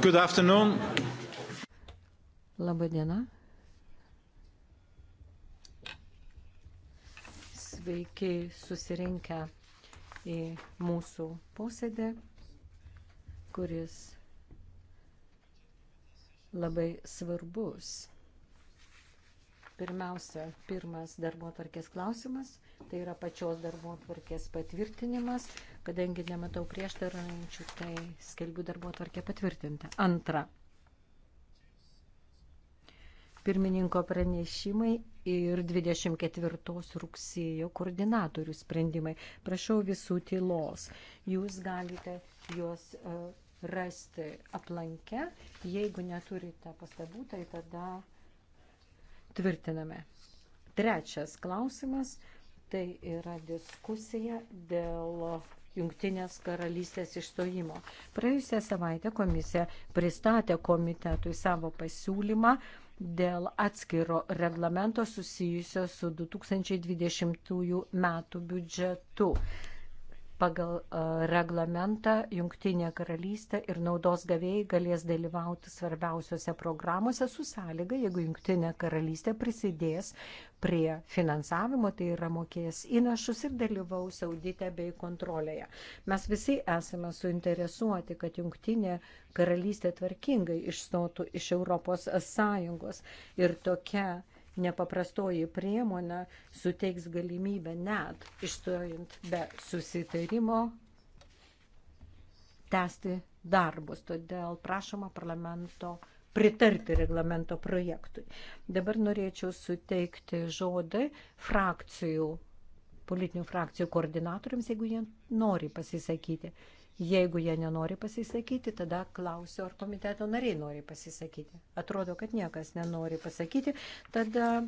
Good afternoon. Labą dieną. Sveiki susirinkę į mūsų posėdį, kuris labai svarbus. Pirmiausia, pirmas darbo tvarkės klausimas, tai yra pačios darbo tvarkės patvirtinimas. Kadangi nematau prieštaraujančių, tai skelbiu darbo atvarkę patvirtinti. Antra. Pirmininko pranešimai ir 24 rugsėjo koordinatorių sprendimai. Prašau visų tylos. Jūs galite juos e, rasti aplankę. Jeigu neturite pastabų, tai tada tvirtiname. Trečias klausimas tai yra diskusija dėl Jungtinės karalystės išstojimo. Praėjusią savaitę komisija pristatė komitetui savo pasiūlymą dėl atskiro reglamento susijusio su 2020 metų biudžetu. Pagal reglamentą Junktinė karalystė ir naudos gavėjai galės dalyvauti svarbiausiose programuose su sąlyga, jeigu Junktinė karalystė prisidės prie finansavimo, tai yra mokės įnašus ir dalyvaus audite bei kontrolėje. Mes visi esame suinteresuoti, kad Junktinė karalystė tvarkingai išstotų iš Europos Sąjungos ir tokia nepaprastoji priemonė suteiks galimybę net išstojant be susitarimo tęsti darbus. Todėl prašoma parlamento pritarti reglamento projektui. Dabar norėčiau suteikti žodį frakcijų, politinių frakcijų koordinatoriams, jeigu jie nori pasisakyti. Jeigu jie nenori pasisakyti, tada klausiu, ar komiteto nariai nori pasisakyti. Atrodo, kad niekas nenori pasakyti. Tada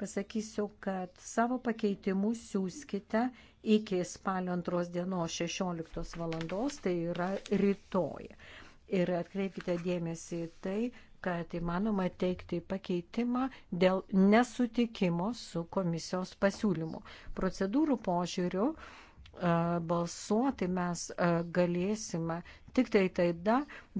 pasakysiu, kad savo pakeitimus siūskite iki spalio antros dienos 16 valandos, tai yra rytoj. Ir atkreipkite dėmesį į tai, kad įmanoma teikti pakeitimą dėl nesutikimo su komisijos pasiūlymu. Procedūrų požiūriu. Po balsuoti mes e, galėsime tik tai tada,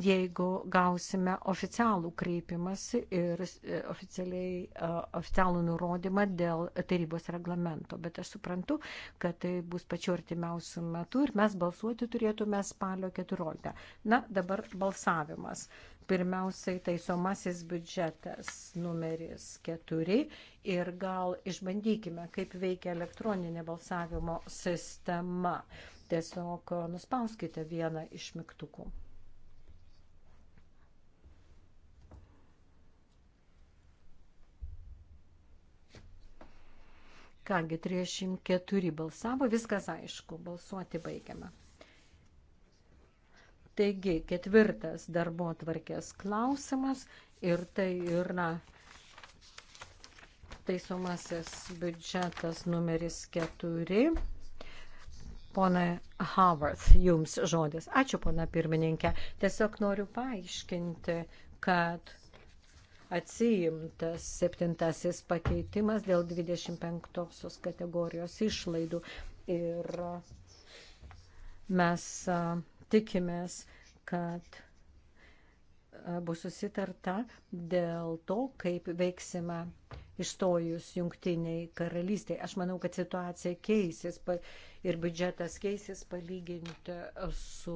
jeigu gausime oficialų kreipimąsi ir e, oficialiai, e, oficialų nurodymą dėl tarybos reglamento. Bet aš suprantu, kad tai bus pačiu artimiausiu metu ir mes balsuoti turėtume spalio 14. Na, dabar balsavimas. Pirmiausiai taisomasis biudžetas numeris 4 ir gal išbandykime, kaip veikia elektroninė balsavimo sistema tiesiog e, nuspauskite vieną iš mygtukų. Kągi, 34 balsavo, viskas aišku, balsuoti baigiame. Taigi, ketvirtas darbo tvarkės klausimas ir tai yra taisomasis biudžetas numeris 4. Pone Havarth, jums žodis. Ačiū, pona pirmininkė. Tiesiog noriu paaiškinti, kad atsiimtas septintasis pakeitimas dėl 25 kategorijos išlaidų. Ir mes tikimės, kad bus susitarta dėl to, kaip veiksime išstojus jungtiniai karalystiai. Aš manau, kad situacija keisis ir biudžetas keisis palyginti su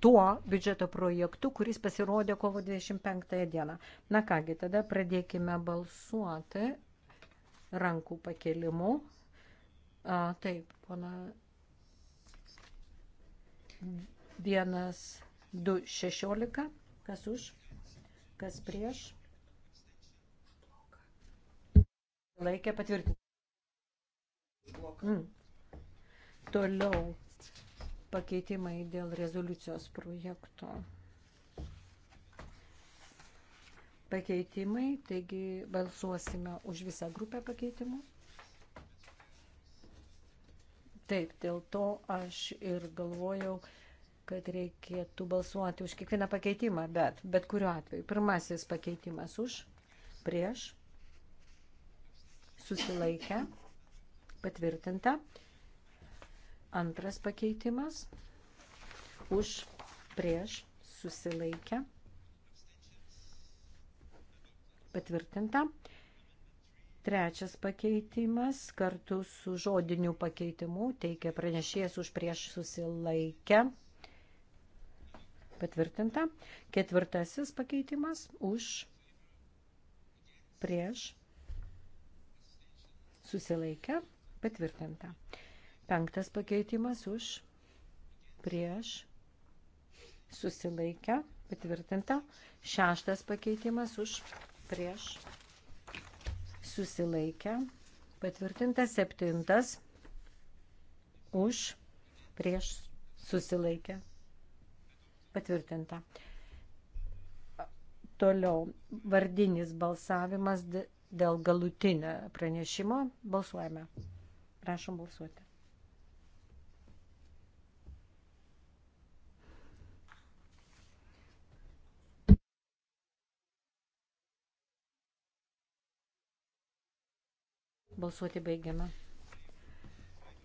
tuo biudžeto projektu, kuris pasirodė kovo 25 dieną. Na kągi, tada pradėkime balsuoti rankų pakelimu. A, taip, pana. Vienas, du, šešiolika. Kas už, kas prieš susilaikė patvirtinti. Mm. Toliau pakeitimai dėl rezoliucijos projekto. Pakeitimai, taigi balsuosime už visą grupę pakeitimų. Taip, dėl to aš ir galvojau, kad reikėtų balsuoti už kiekvieną pakeitimą, bet bet kuriuo atveju. Pirmasis pakeitimas už, prieš, susilaikę, patvirtinta. Antras pakeitimas už prieš susilaikę, patvirtinta. Trečias pakeitimas kartu su žodiniu pakeitimu teikia pranešėjas už prieš susilaikę, patvirtinta. Ketvirtasis pakeitimas už prieš susilaikę, patvirtinta. Penktas pakeitimas už, prieš, susilaikę, patvirtinta. Šeštas pakeitimas už, prieš, susilaikę, patvirtinta. Septintas už, prieš, susilaikę, patvirtinta. Toliau vardinis balsavimas dėl galutinio pranešimo. Balsuojame. Prašom balsuoti. Balsuoti baigiama.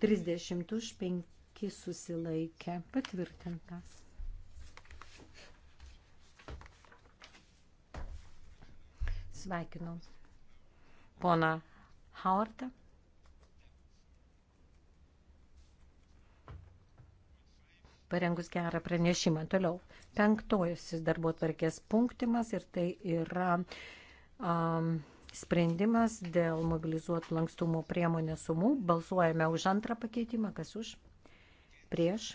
30 už 5 susilaikė. Patvirtinta. Sveikinau. Pona Howardą. parengus gerą pranešimą. Toliau, penktojasis darbo tvarkės punktimas ir tai yra um, sprendimas dėl mobilizuotų lankstumo priemonės sumų. Balsuojame už antrą pakeitimą, kas už, prieš,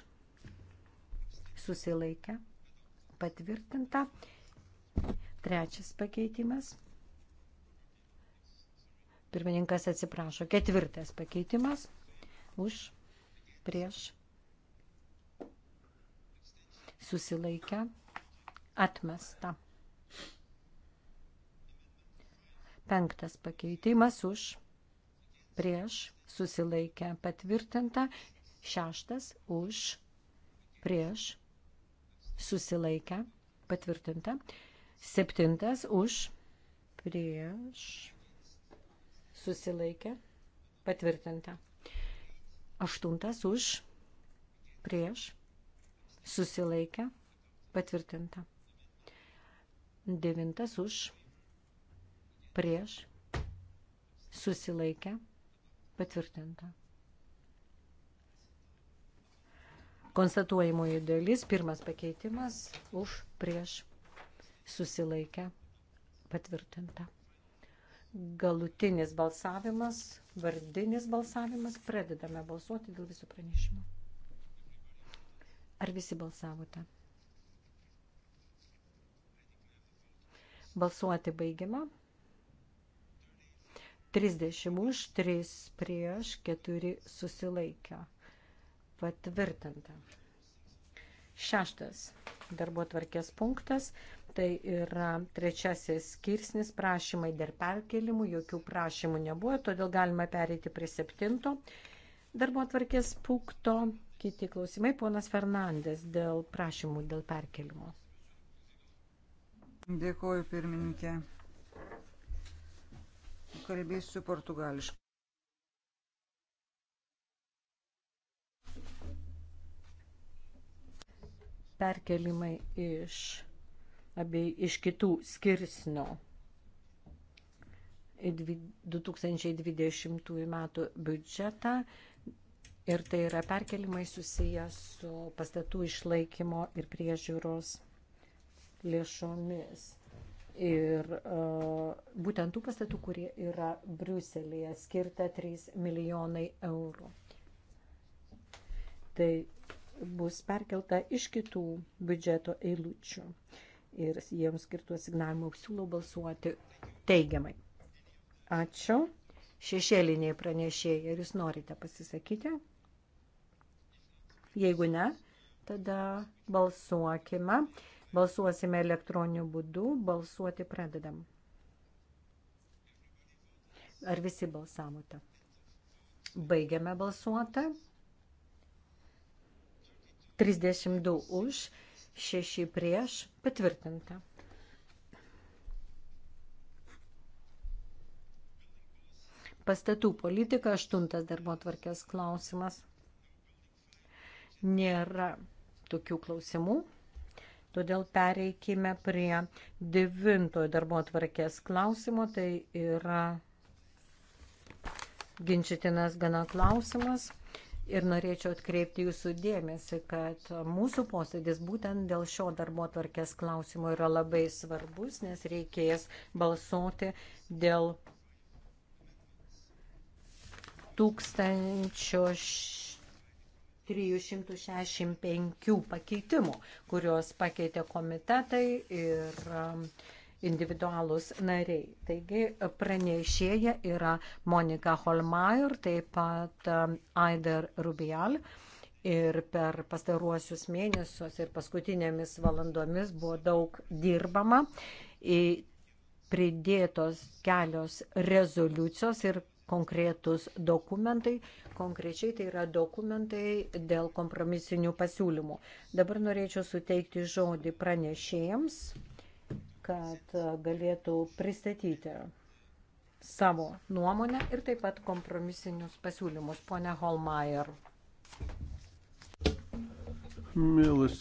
susilaikę, patvirtinta. Trečias pakeitimas, Pirmininkas atsiprašo. Ketvirtas pakeitimas. Už, prieš, susilaikę, atmesta. Penktas pakeitimas už, prieš, susilaikę, patvirtinta. Šeštas už, prieš, susilaikę, patvirtinta. Septintas už, prieš, susilaikė, patvirtinta. Aštuntas už, prieš, susilaikė, patvirtinta. Devintas už, prieš, susilaikė, patvirtinta. Konstatuojamoji dalis, pirmas pakeitimas už, prieš, susilaikę, patvirtinta galutinis balsavimas, vardinis balsavimas. Pradedame balsuoti dėl viso pranešimo. Ar visi balsavote? Balsuoti baigiama. 30 už, 3 prieš, 4 susilaikė. Patvirtinta. Šeštas darbo tvarkės punktas – Tai yra trečiasis skirsnis prašymai dėl perkelimų, jokių prašymų nebuvo, todėl galima pereiti prie septinto darbo atvarkės punkto. Kiti klausimai, ponas Fernandės, dėl prašymų dėl perkelimo. Dėkuoju, pirmininkė. Kalbėsiu portugališkai. Perkelimai iš abie, iš kitų skirsnių 2020 metų biudžetą ir tai yra perkelimai susiję su pastatų išlaikymo ir priežiūros lėšomis. Ir uh, būtent tų pastatų, kurie yra Briuselėje, skirta 3 milijonai eurų. Tai bus perkelta iš kitų biudžeto eilučių. Uh, ir jiems skirtų asignavimų siūlau balsuoti teigiamai. Ačiū. Šešėliniai pranešėjai, ar jūs norite pasisakyti? Jeigu ne, tada balsuokime. Balsuosime elektroniniu būdu, balsuoti pradedam. Ar visi balsavote? Baigiame balsuotą. 32 už, 6 prieš patvirtinta. Pastatų politika, aštuntas darbo tvarkės klausimas. Nėra tokių klausimų, todėl pereikime prie devintojo darbo tvarkės klausimo. Tai yra ginčytinas gana klausimas. Ir norėčiau atkreipti jūsų dėmesį, kad mūsų posėdis būtent dėl šio darbo tvarkės klausimo yra labai svarbus, nes reikės balsuoti dėl 1365 pakeitimų, kuriuos pakeitė komitetai ir individualūs nariai. Taigi pranešėja yra Monika Holmeier, taip pat um, Aider Rubial. Ir per pastaruosius mėnesius ir paskutinėmis valandomis buvo daug dirbama, pridėtos kelios rezoliucijos ir konkretus dokumentai. Konkrečiai tai yra dokumentai dėl kompromisinių pasiūlymų. Dabar norėčiau suteikti žodį pranešėjams kad e, galėtų pristatyti savo nuomonę ir taip pat kompromisinius pasiūlymus. Pone Holmeier. Mielas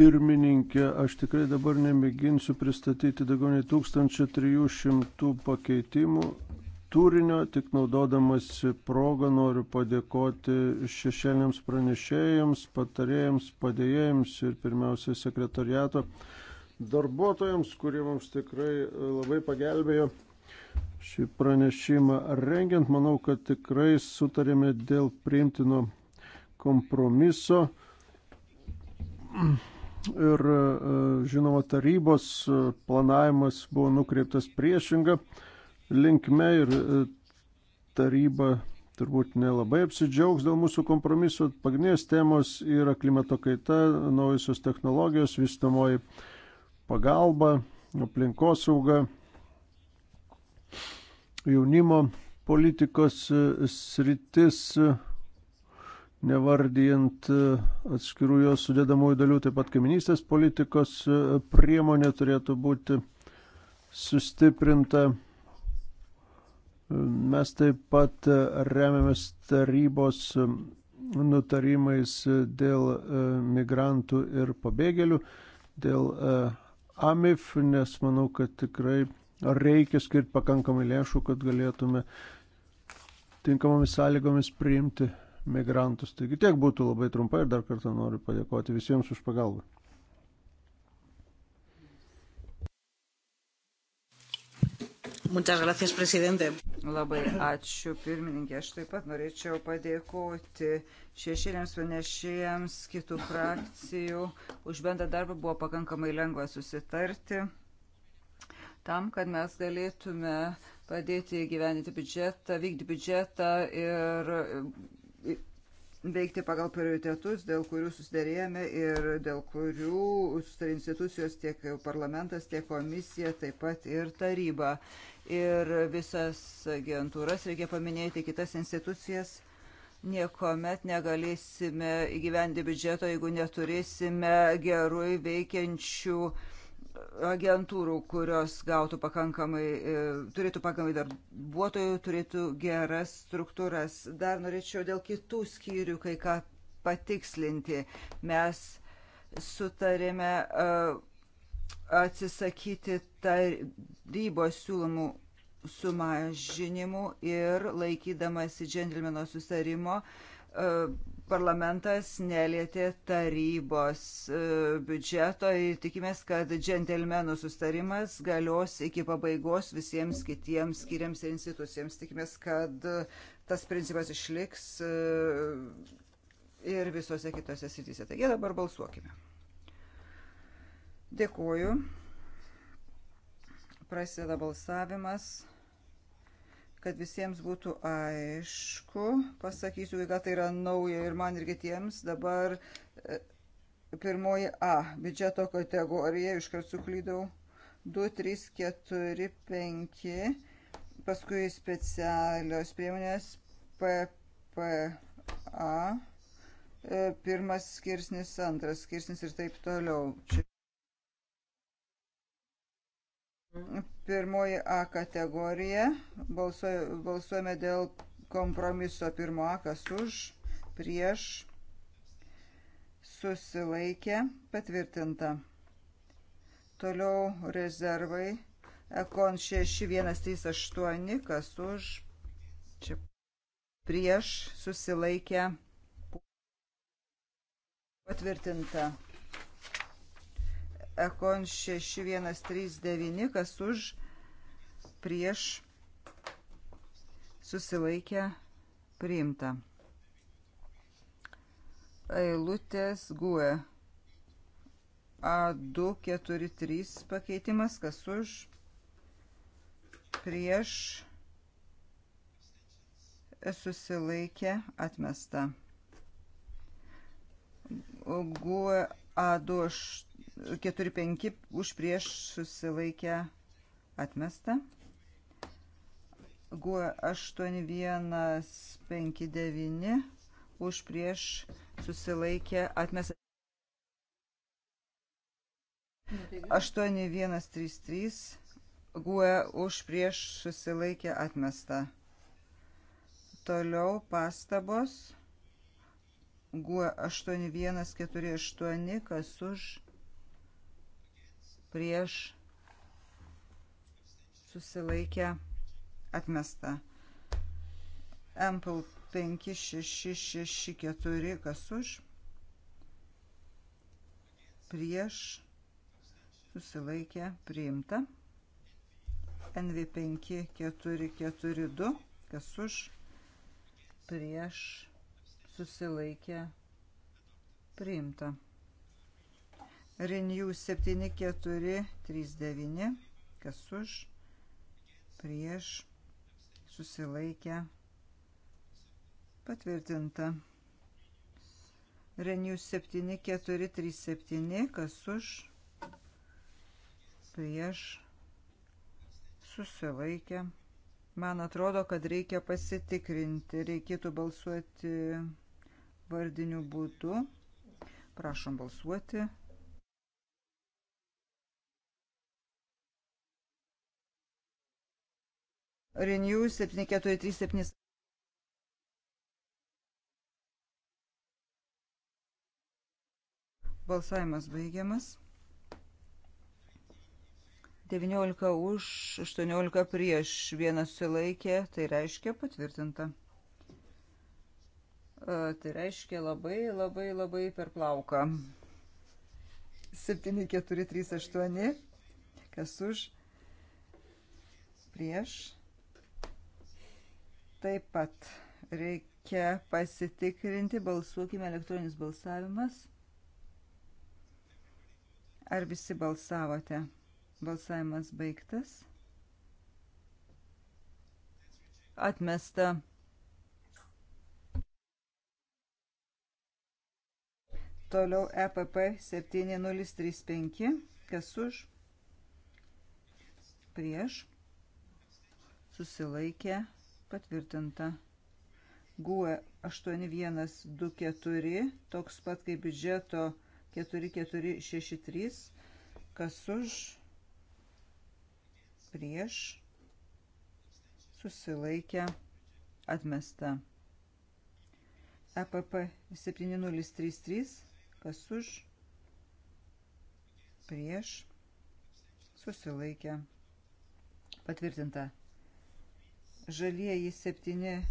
pirmininkė, aš tikrai dabar nemėginsiu pristatyti daugiau nei 1300 pakeitimų turinio, tik naudodamas progą noriu padėkoti šešėliams pranešėjams, patarėjams, padėjėjams ir pirmiausia sekretariato darbuotojams, kurie mums tikrai e, labai pagelbėjo šį pranešimą rengiant. Manau, kad tikrai sutarėme dėl priimtino kompromiso. Ir e, žinoma, tarybos e, planavimas buvo nukreiptas priešinga linkme ir taryba turbūt nelabai apsidžiaugs dėl mūsų kompromiso. Pagrindinės temos yra klimato kaita, naujosios technologijos, vystamoji pagalbą, aplinkosaugą, jaunimo politikos e, sritis, e, nevardijant e, atskirų jos sudėdamųjų dalių, taip pat kaiminystės politikos priemonė turėtų būti sustiprinta. Mes taip pat remiamės tarybos nutarimais dėl migrantų ir pabėgėlių, dėl AMIF, nes manau, kad tikrai reikia skirti pakankamai lėšų, kad galėtume tinkamomis sąlygomis priimti migrantus. Taigi tiek būtų labai trumpai ir dar kartą noriu padėkoti visiems už pagalbą. Gracias, Labai ačiū pirmininkė. Aš taip pat norėčiau padėkoti šešėliams panešėjams kitų frakcijų. Už bendrą darbą buvo pakankamai lengva susitarti tam, kad mes galėtume padėti gyveninti biudžetą, vykdyti biudžetą ir veikti pagal prioritetus, dėl kurių susidarėjome ir dėl kurių susidarė tai institucijos tiek parlamentas, tiek komisija, taip pat ir taryba. Ir visas agentūras, reikia paminėti kitas institucijas, niekuomet negalėsime įgyvendinti biudžeto, jeigu neturėsime gerui veikiančių uh, agentūrų, kurios gautų pakankamai, e, turėtų pakankamai darbuotojų, turėtų geras struktūras. Dar norėčiau dėl kitų skyrių kai ką patikslinti. Mes sutarėme e, atsisakyti tarybos siūlomų sumažinimų ir laikydamasi džentelmeno susarimo uh, E, parlamentas nelietė tarybos e, biudžeto ir tikimės, kad džentelmenų sustarimas galios iki pabaigos visiems kitiems skiriams ir institucijams. Tikimės, kad tas principas išliks e, ir visose kitose srityse. Taigi dabar balsuokime. Dėkuoju. Prasideda balsavimas kad visiems būtų aišku, pasakysiu, kad tai yra nauja ir man ir kitiems, dabar e, pirmoji A biudžeto kategorija, iškart suklydau, 2, 3, 4, 5, paskui specialios priemonės PPA, e, pirmas skirsnis, antras skirsnis ir taip toliau. Čia Pirmoji A kategorija. Balsuojame dėl kompromiso pirmo A, kas už, prieš, susilaikė, patvirtinta. Toliau rezervai. Ekon 6138, kas už, čia prieš, susilaikė, patvirtinta. Ekon 6139, kas už, prieš susilaikę priimta. Eilutės guė. A2, 4, 3 pakeitimas, kas už, prieš, susilaikę, atmesta. Guė A2, 4, 5, už, prieš, susilaikę, atmesta. Guo 8159 už prieš susilaikė atmestą. 8133 Guo už prieš susilaikė atmestą. Toliau pastabos. Guo 8148 kas už prieš susilaikę atmestą atmesta. Ample 5664, kas už, prieš, susilaikė, priimta. NV5442, kas už, prieš, susilaikė, priimta. Renew 7439, kas už, prieš, susilaikę, patvirtinta. Renew 7437, kas už, prieš, susilaikę. Man atrodo, kad reikia pasitikrinti, reikėtų balsuoti vardiniu būdu. Prašom balsuoti. Renew 7437. Balsavimas baigiamas. 19 už, 18 prieš, vienas sulaikė, tai reiškia patvirtinta. E, tai reiškia labai, labai, labai per plauką. 7, 4, 3, 8, kas už, prieš, Taip pat reikia pasitikrinti, balsuokime elektroninis balsavimas. Ar visi balsavote? Balsavimas baigtas. Atmesta. Toliau e EPP 7035. Kas už? Prieš. Susilaikė. Patvirtinta. GUE 8124, toks pat kaip biudžeto 4463, kas už, prieš, susilaikę, atmesta. E EPP 7033, kas už, prieš, susilaikę, patvirtinta. Žalieji 7,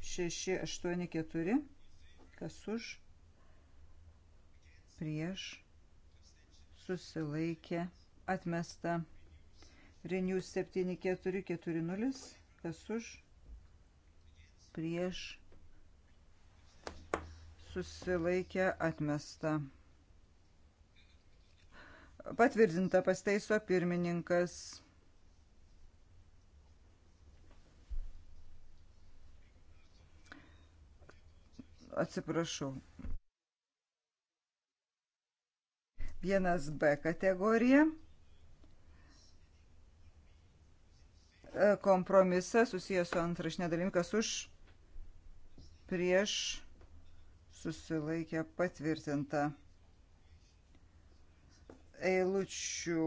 6, 8, 4. Kas už? Prieš. Susilaikė. Atmesta. Renew 7, 4, 4, 0. Kas už? Prieš. Susilaikė. Atmesta. Patvirtinta pasteiso pirmininkas. atsiprašau. Vienas B kategorija. E, kompromisas susijęs su antrašinė dalimkas už prieš susilaikę patvirtintą eilučių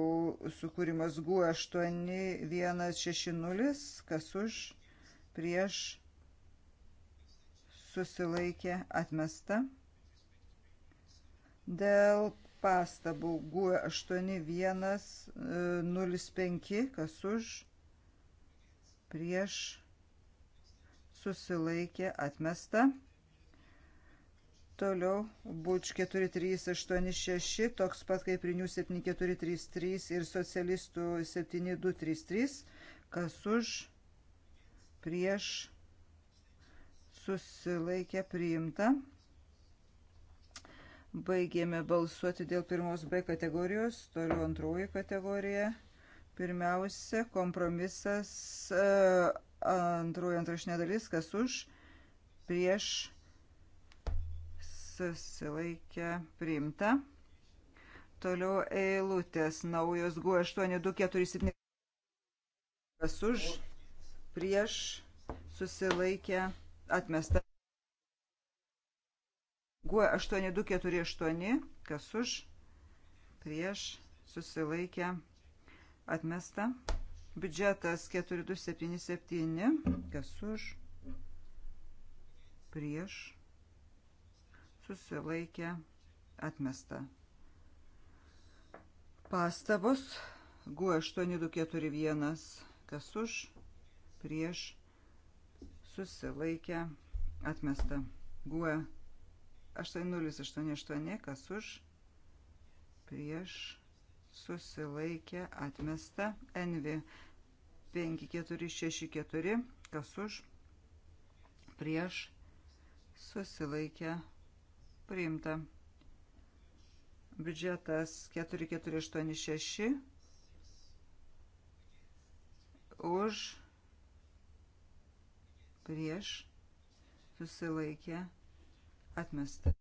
sukūrimas GU8160, kas už prieš susilaikė atmesta. Dėl pastabų GUE 8105, e, kas už, prieš, susilaikė atmesta. Toliau buč 4386, toks pat kaip Rinių 7433 ir socialistų 7233, kas už, prieš, susilaikė atmesta susilaikė priimta. Baigėme balsuoti dėl pirmos B kategorijos, toliau antroji kategorija. Pirmiausia, kompromisas e, antroji antrašinė dalis, kas už, prieš susilaikė priimta. Toliau eilutės naujos GU8247. Kas už, prieš, susilaikė, atmesta. Guo 8248, kas už, prieš, susilaikę, atmesta. Biudžetas 4277, kas už, prieš, susilaikę, atmesta. Pastabos Guo 8241, kas už, prieš, susilaikė, atmesta. GUE 8088, kas už, prieš, susilaikė, atmesta. NV 5464, kas už, prieš, susilaikė, priimta. Biudžetas 4486 už prieš susilaikė atmesta.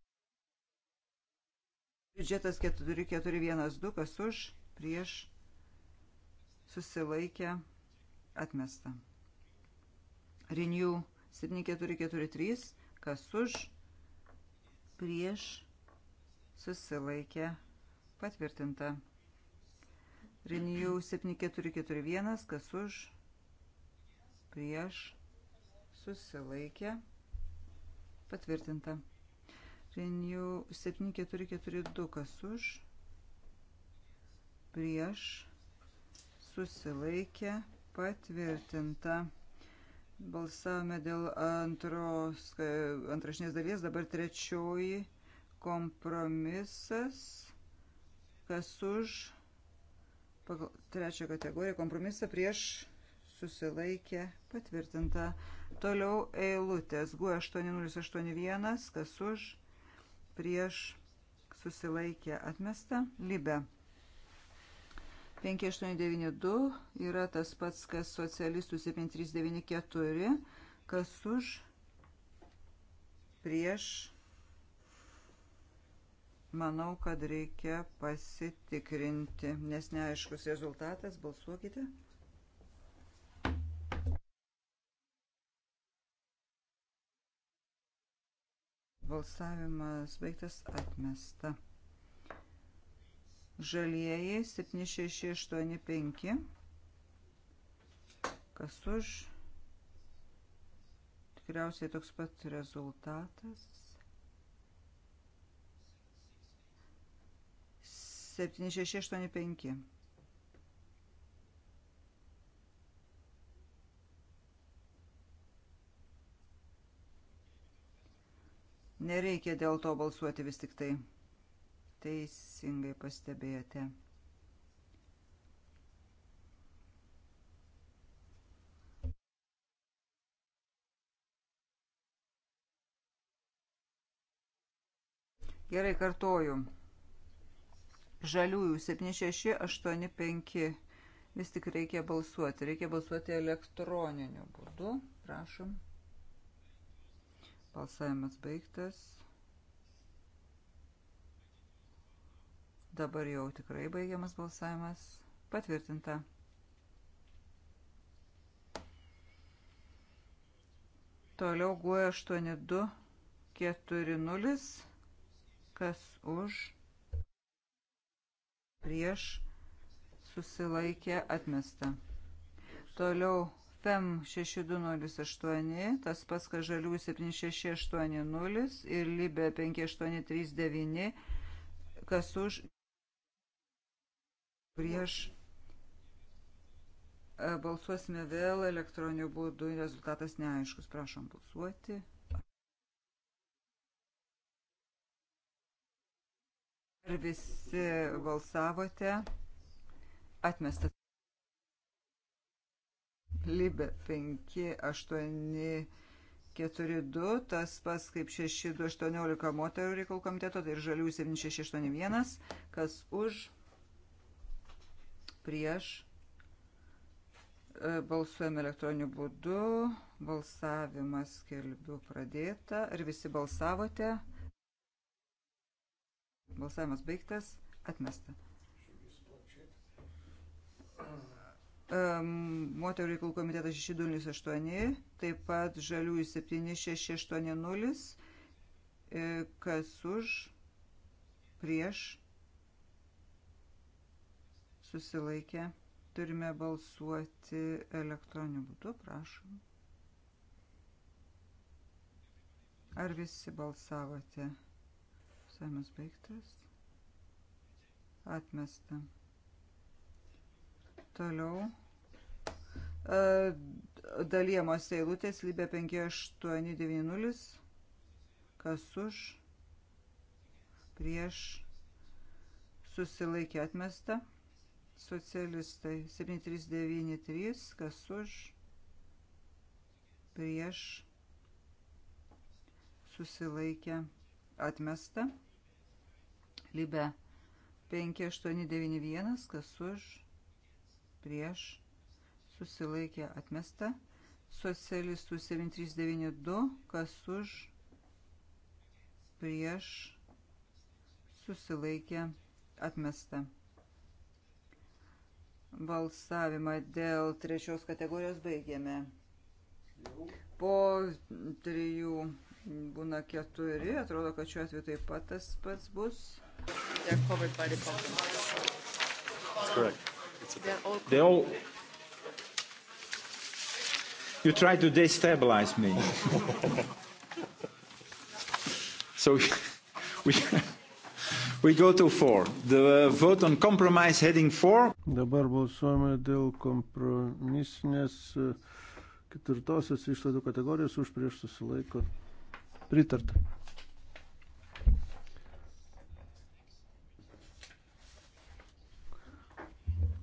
Biudžetas 4412 kas už prieš susilaikė atmesta. Renew 7443 kas už prieš susilaikė patvirtinta. Renew 7441 kas už prieš susilaikė, patvirtinta. Renew 7442, kas už, prieš, susilaikė, patvirtinta. Balsavome dėl antros, antrašinės dalies, dabar trečioji kompromisas, kas už, pagal trečią kategoriją, kompromisą prieš, prieš, susilaikė, patvirtinta. Toliau eilutės G8081, e kas už, prieš, susilaikė, atmesta, libe. 5892 yra tas pats, kas socialistų 7394, kas už, prieš, manau, kad reikia pasitikrinti, nes neaiškus rezultatas, balsuokite. 5892. Balsavimas baigtas atmesta. Žalieji 7685. Kas už? Tikriausiai toks pat rezultatas. 7685. Nereikia dėl to balsuoti vis tik tai. Teisingai pastebėjote. Gerai, kartoju. Žaliųjų 7685. Vis tik reikia balsuoti. Reikia balsuoti elektroniniu būdu. Prašom. Balsavimas baigtas. Dabar jau tikrai baigiamas balsavimas. Patvirtinta. Toliau guoja 8240. Kas už? Prieš susilaikė atmesta. Toliau FEM 6208, tas pats, kas žalių 7680 ir Libė 5839, kas už prieš e, balsuosime vėl elektroniniu būdu, rezultatas neaiškus, prašom balsuoti. Ar visi balsavote? Atmestas. Libe 5842, tas pas kaip 6218 moterų reikalų komiteto, tai ir žalių 7681, kas už, prieš, e, balsuojame elektroniniu būdu, balsavimas kelbiu pradėta, ar visi balsavote? Balsavimas baigtas, atmesta. Thank you. Moterų reikalų komitetas 6208, taip pat žaliųjų 7680, e, kas už, prieš, susilaikė. Turime balsuoti elektroniniu būdu, prašom. Ar visi balsavote? Samas baigtas. Atmestam. Toliau. E, dalyjamos eilutės, lybė 5890. Kas už? Prieš. Susilaikė atmesta. Socialistai 7393. Kas už? Prieš. Susilaikė atmesta. Lybė 5891. Kas už? Prieš prieš susilaikė atmesta. Socialistų 7392, kas už prieš susilaikė atmesta. Balsavimą dėl trečios kategorijos baigėme. Po trijų būna keturi, atrodo, kad šiuo atveju taip pat tas pats bus. That's correct. They're all. They all you try to destabilize me. so we, we go to four. The vote on compromise heading four. Dabar balsuojame dėl kompromisinės e, ketvirtosios išlaidų kategorijos už prieš susilaiko pritarta.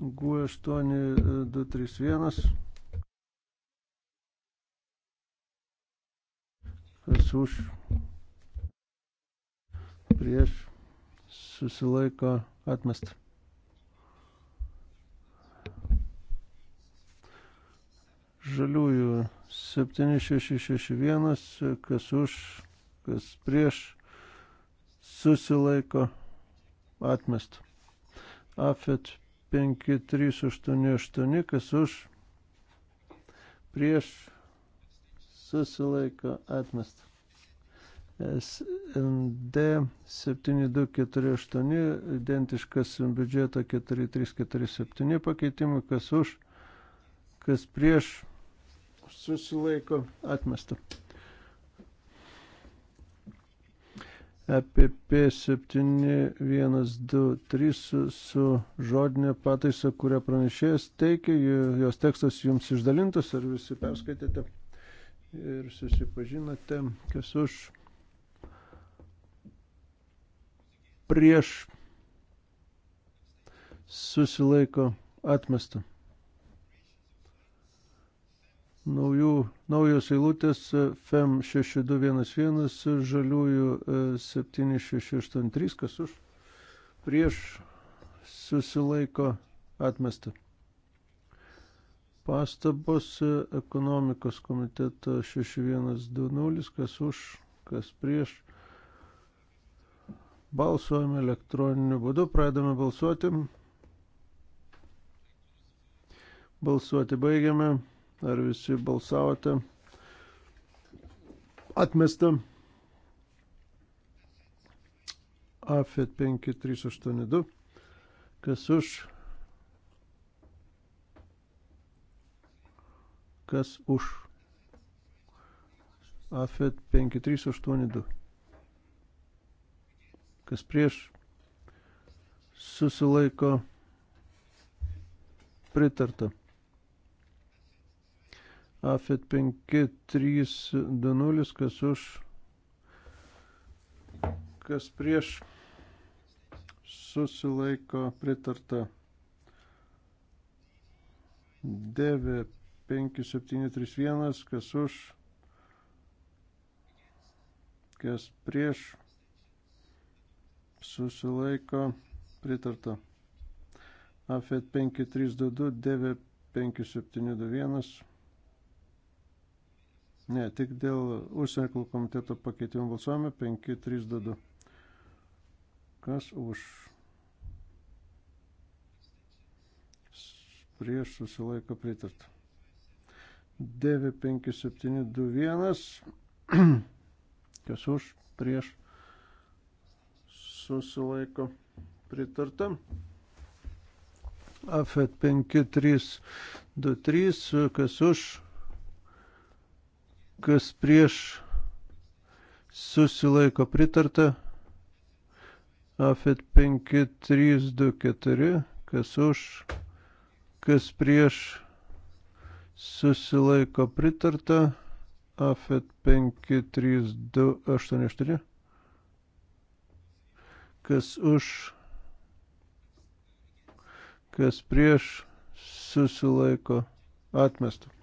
G8231. Kas už? Prieš susilaiko atmestą. žaliųjų 7661, kas už, kas prieš, susilaiko atmest. Afet 5388, kas už, prieš, susilaiko atmestą. SND 7248, identiškas biudžeto 4347 pakeitimui, kas už, kas prieš, susilaiko atmestą. EPP 7123 su, su žodinė pataisa, kurią pranešėjas teikia, jos tekstas jums išdalintas, ar visi perskaitėte ir susipažinote, kas už prieš susilaiko atmestą naujų, naujos eilutės FEM 6211, žaliųjų 7683, e, kas už prieš susilaiko atmestą. Pastabos e, ekonomikos komiteto 6120, kas už, kas prieš. Balsuojame elektroniniu būdu, pradame balsuoti. Balsuoti baigiame. Ar visi balsavote? Atmesta. AFET 5382. Kas už? Kas už? AFET 5382. Kas prieš? Susilaiko pritarta. AFET 5320, kas už, kas prieš susilaiko pritarta. Dėvė 5731, kas už, kas prieš, susilaiko, pritarta. AFET 5322, DV 5721. Ne, tik dėl užsienio reikalų komiteto pakeitimų balsuojame 5-3-2. Kas už? Prieš susilaiko pritartą. 9-5-7-2-1. Kas už? Prieš susilaiko pritartą. AFET 5-3-2-3. Kas už? kas prieš susilaiko pritarta. Afet 5324, kas už, kas prieš susilaiko pritarta. Afet 53284, kas už, kas prieš susilaiko atmestų.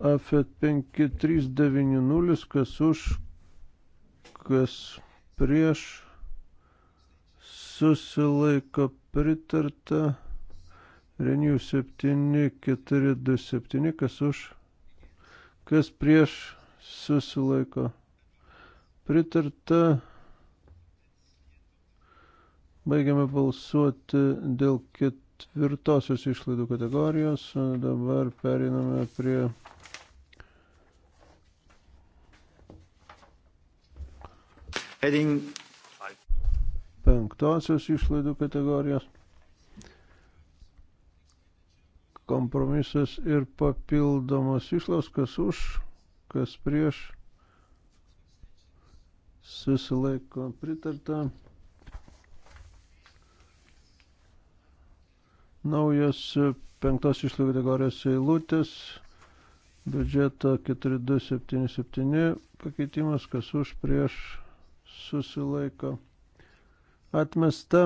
AFET 5390, kas už, kas prieš, susilaiko pritarta. Renijų 7427, kas už, kas prieš, susilaiko pritarta. Baigiame balsuoti dėl ketvirtosios išlaidų kategorijos. Dabar periname prie Heading. Penktosios išlaidų kategorijos. Kompromisas ir papildomos išlaidos, kas už, kas prieš. Susilaiko pritarta. naujas penktos išlaidų kategorijos eilutės, biudžeto 4277 pakeitimas, kas už prieš susilaiko atmesta.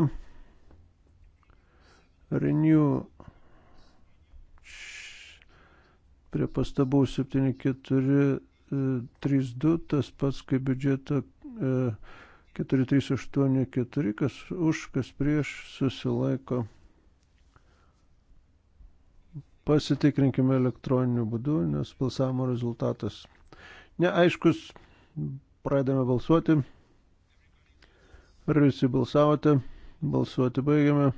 Renew prie pastabų 7432, e, tas pats kaip biudžeto 4384, e, kas už, kas prieš susilaiko. Pasitikrinkime elektroniniu būdu, nes balsavimo rezultatas neaiškus. Pradame balsuoti. Ar visi balsavote? Balsuoti baigiame.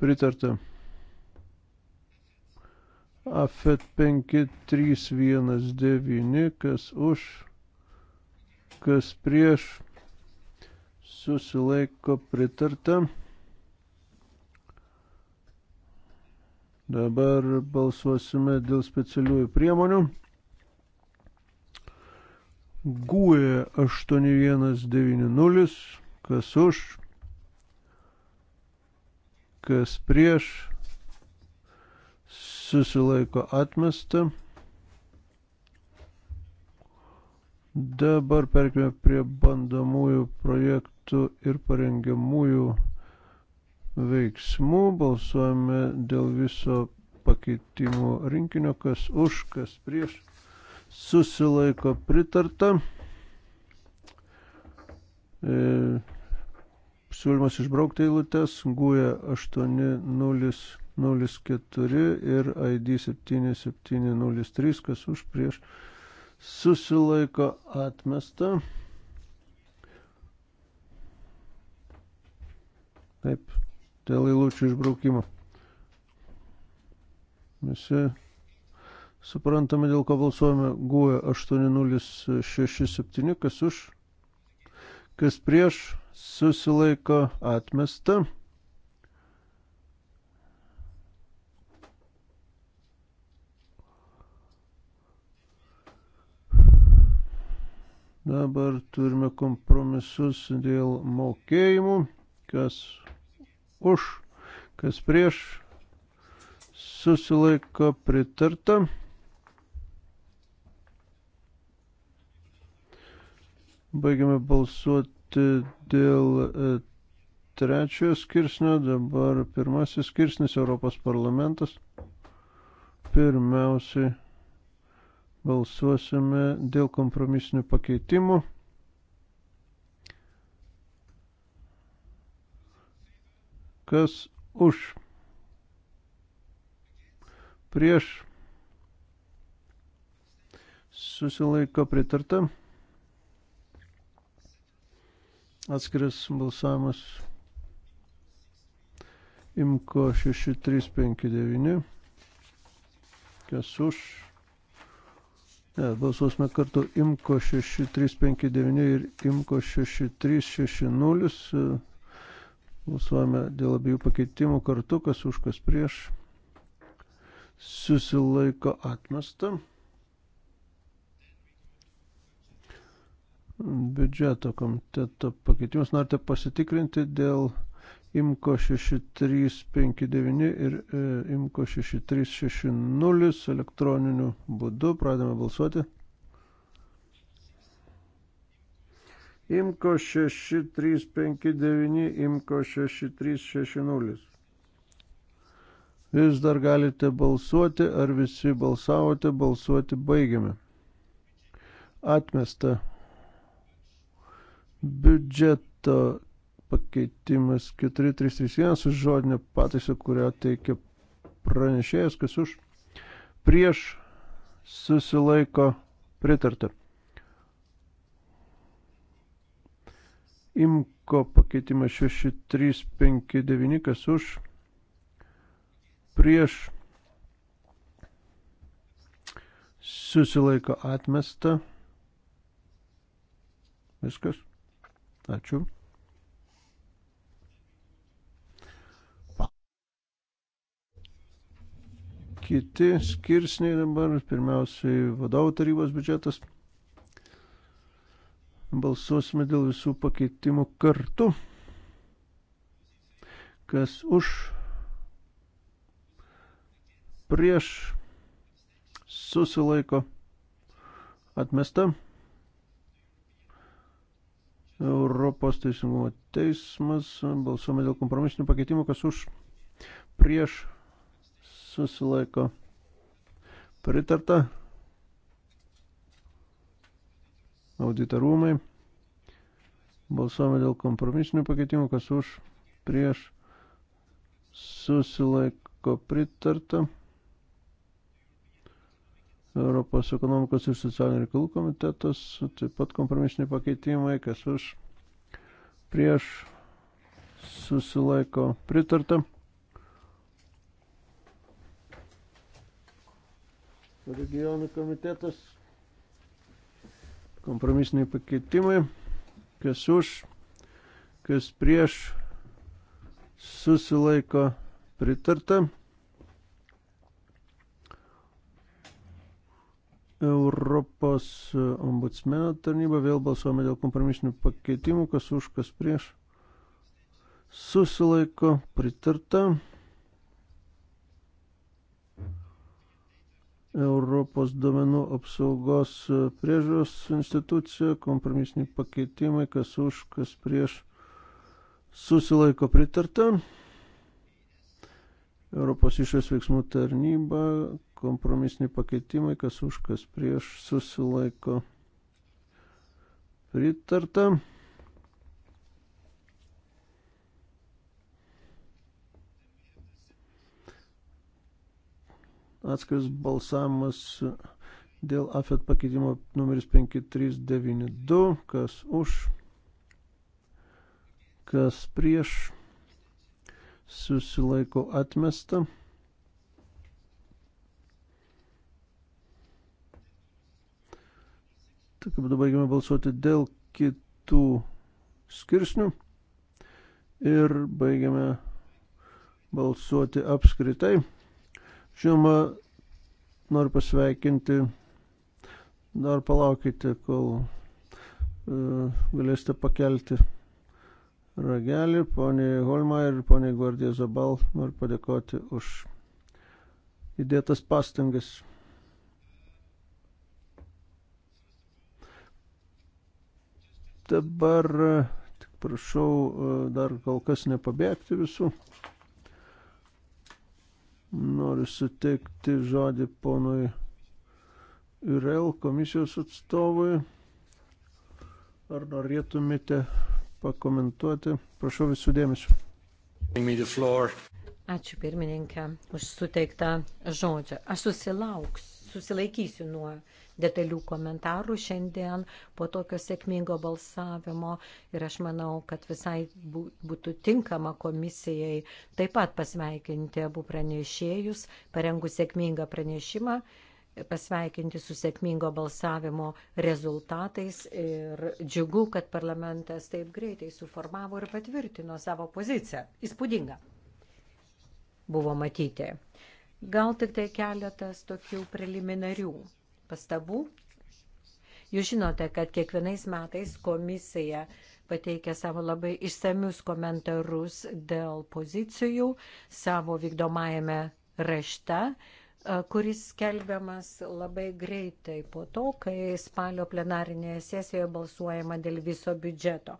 Pritarta. AFET 5319, kas už, kas prieš, susilaiko pritarta. Dabar balsuosime dėl specialiųjų priemonių. Gūja 8190, kas už, kas prieš, susilaiko atmesta. Dabar perkime prie bandomųjų projektų ir parengiamųjų veiksmų. Balsuojame dėl viso pakeitimų rinkinio, kas už, kas prieš susilaiko pritarta. E, siūlymas išbraukti eilutės, guja 8004 ir ID 7703, kas už prieš susilaiko atmesta. Taip, dėl eilučių išbraukimo. Visi Suprantame, dėl ko balsuojame. Guoja 8067, kas už, kas prieš, susilaiko atmesta. Dabar turime kompromisus dėl mokėjimų, kas už, kas prieš, susilaiko pritarta. Baigiame balsuoti dėl e, trečiojo skirsnio, dabar pirmasis skirsnis Europos parlamentas. Pirmiausiai balsuosime dėl kompromisinių pakeitimų. Kas už? Prieš susilaiko pritarta atskiras balsavimas imko 6359. Kas už? Ne, balsuosime kartu imko 6359 ir imko 6360. Balsuojame dėl abiejų pakeitimų kartu, kas už, kas prieš. Susilaiko atmestą. biudžeto komiteto pakeitimus. Norite pasitikrinti dėl IMCO 6359 ir e, IMCO 6360 elektroniniu būdu. Pradame balsuoti. IMCO 6359, IMCO 6360. Vis dar galite balsuoti, ar visi balsavote, balsuoti baigiame. Atmesta Biudžeto pakeitimas 4331 su žodinė pataisa, kurią teikia pranešėjas, kas už prieš susilaiko pritarta. Imko pakeitimas 6359, kas už prieš susilaiko atmesta. Viskas. Ačiū. Kiti skirsniai dabar, pirmiausiai vadovų tarybos biudžetas. Balsuosime dėl visų pakeitimų kartu. Kas už, prieš, susilaiko, atmesta. Europos teisingumo teismas. Balsuome dėl kompromisinių pakeitimų, kas už prieš susilaiko pritarta. Auditorumai. Balsuome dėl kompromisinių pakeitimų, kas už prieš susilaiko pritarta. Europos ekonomikos ir socialinių reikalų komitetas, taip pat kompromisiniai pakeitimai, kas už prieš susilaiko pritarta. Regionų komitetas, kompromisiniai pakeitimai, kas už, kas prieš susilaiko pritarta. Europos ombudsmeno tarnybą. Vėl balsuojame dėl kompromisinių pakeitimų, kas už, kas prieš. Susilaiko pritarta. Europos duomenų apsaugos priežos institucija, kompromisiniai pakeitimai, kas už, kas prieš, susilaiko pritarta. Europos išės veiksmų tarnyba, kompromisiniai pakeitimai, kas už, kas prieš susilaiko pritarta. Atskiras balsavimas dėl AFET pakeitimo numeris 5392, kas už, kas prieš, susilaiko atmesta. Tokiu būdu baigiame balsuoti dėl kitų skirsnių ir baigiame balsuoti apskritai. Žinoma, noriu pasveikinti, dar palaukite, kol e, galėsite pakelti ragelį. Pone Holma ir pone Guardija Zabal noriu padėkoti už įdėtas pastangas. Dabar tik prašau e, dar kol kas nepabėgti visų. Noriu suteikti žodį ponui IRL komisijos atstovui. Ar norėtumėte pakomentuoti? Prašau visų dėmesio. Ačiū pirmininkė už suteiktą žodžią. Aš susilauks susilaikysiu nuo detalių komentarų šiandien po tokio sėkmingo balsavimo ir aš manau, kad visai būtų tinkama komisijai taip pat pasveikinti abu pranešėjus, parengus sėkmingą pranešimą, pasveikinti su sėkmingo balsavimo rezultatais ir džiugu, kad parlamentas taip greitai suformavo ir patvirtino savo poziciją. Įspūdinga buvo matyti. Gal tik tai keletas tokių preliminarių pastabų. Jūs žinote, kad kiekvienais metais komisija pateikia savo labai išsamius komentarus dėl pozicijų savo vykdomajame rašte E, kuris skelbiamas labai greitai po to, kai spalio plenarinėje sesijoje balsuojama dėl viso biudžeto.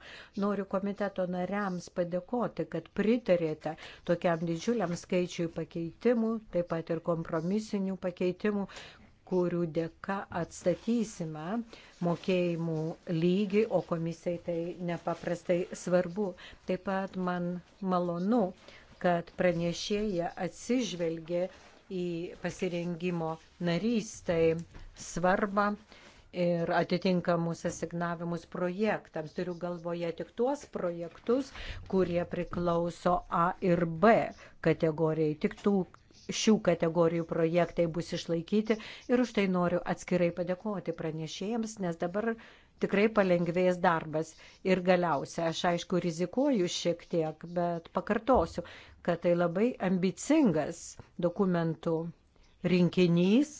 Noriu komiteto nariams padėkoti, kad pritarėte tokiam didžiuliam skaičiui pakeitimų, taip pat ir kompromisinių pakeitimų, kurių dėka atstatysime mokėjimų lygį, o komisijai tai nepaprastai svarbu. Taip pat man malonu, kad pranešėja atsižvelgė į pasirengimo narystai svarbą ir atitinkamus asignavimus projektams. Turiu galvoje tik tuos projektus, kurie priklauso A ir B kategorijai. Tik tų šių kategorijų projektai bus išlaikyti ir už tai noriu atskirai padėkoti pranešėjams, nes dabar tikrai palengvės darbas. Ir galiausia, aš aišku rizikuoju šiek tiek, bet pakartosiu, kad tai labai ambicingas dokumentų rinkinys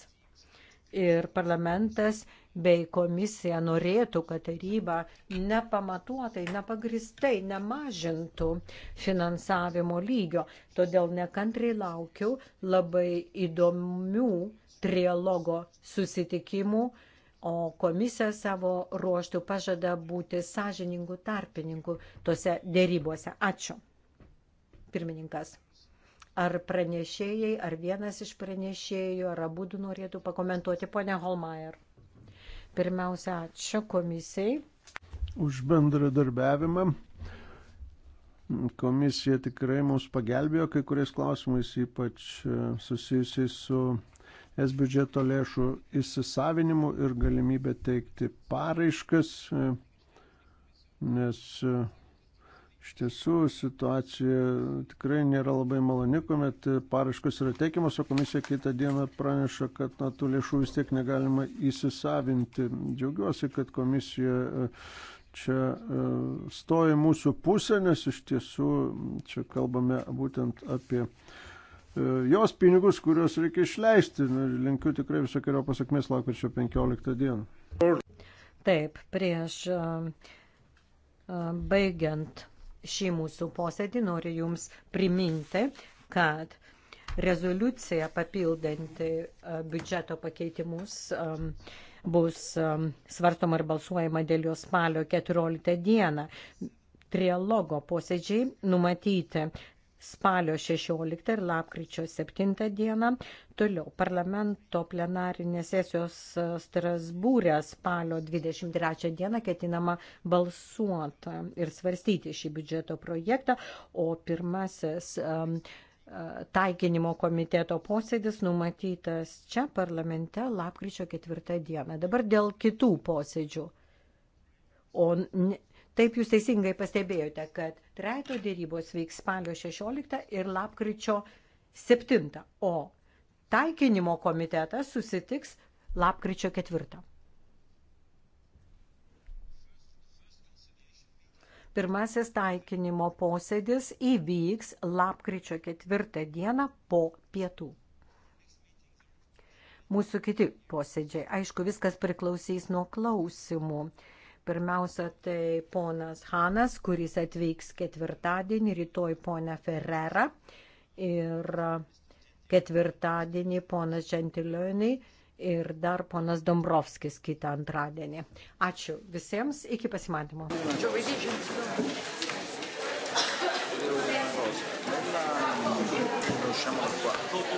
ir parlamentas bei komisija norėtų, kad taryba nepamatuotai, nepagristai nemažintų finansavimo lygio. Todėl nekantrai laukiu labai įdomių trialogo susitikimų o komisija savo ruoštų pažada būti sąžiningų tarpininkų tose dėrybose. Ačiū. Pirmininkas. Ar pranešėjai, ar vienas iš pranešėjų, ar abu du norėtų pakomentuoti, ponia Holmeier. Pirmiausia, ačiū komisijai. Už bendradarbiavimą. Komisija tikrai mums pagelbėjo kai kuriais klausimais, ypač e, susijusiais su es biudžeto lėšų įsisavinimu ir galimybę teikti paraiškas, nes iš tiesų situacija tikrai nėra labai maloni, kuomet paraiškos yra teikiamos, o komisija kitą dieną praneša, kad na, tų lėšų vis tiek negalima įsisavinti. Džiaugiuosi, kad komisija čia stoja mūsų pusė, nes iš tiesų čia kalbame būtent apie E, jos pinigus, kuriuos reikia išleisti. Linkiu tikrai visokiojo pasakmės lakvirčio 15 dieną. Taip, prieš e, e, baigiant šį mūsų posėdį noriu Jums priminti, kad rezoliucija papildanti biudžeto pakeitimus bus svartoma ir balsuojama dėl jos spalio 14 dieną. Trialogo posėdžiai numatyti spalio 16 ir lapkričio 7 dieną. Toliau parlamento plenarinės sesijos Strasbūrė spalio 23 dieną ketinama balsuoti ir svarstyti šį biudžeto projektą, o pirmasis um, taikinimo komiteto posėdis numatytas čia parlamente lapkričio ketvirtą dieną. Dabar dėl kitų posėdžių. O Taip jūs teisingai pastebėjote, kad trejato dėrybos vyks spalio 16 ir lapkričio 7, o taikinimo komitetas susitiks lapkričio 4. Pirmasis taikinimo posėdis įvyks lapkričio 4 dieną po pietų. Mūsų kiti posėdžiai. Aišku, viskas priklausys nuo klausimų. Pirmiausia, tai ponas Hanas, kuris atvyks ketvirtadienį, rytoj ponia Ferrera ir ketvirtadienį ponas Gentilionai ir dar ponas Dombrovskis kitą antradienį. Ačiū visiems, iki pasimatymo. Riusciamo a qua.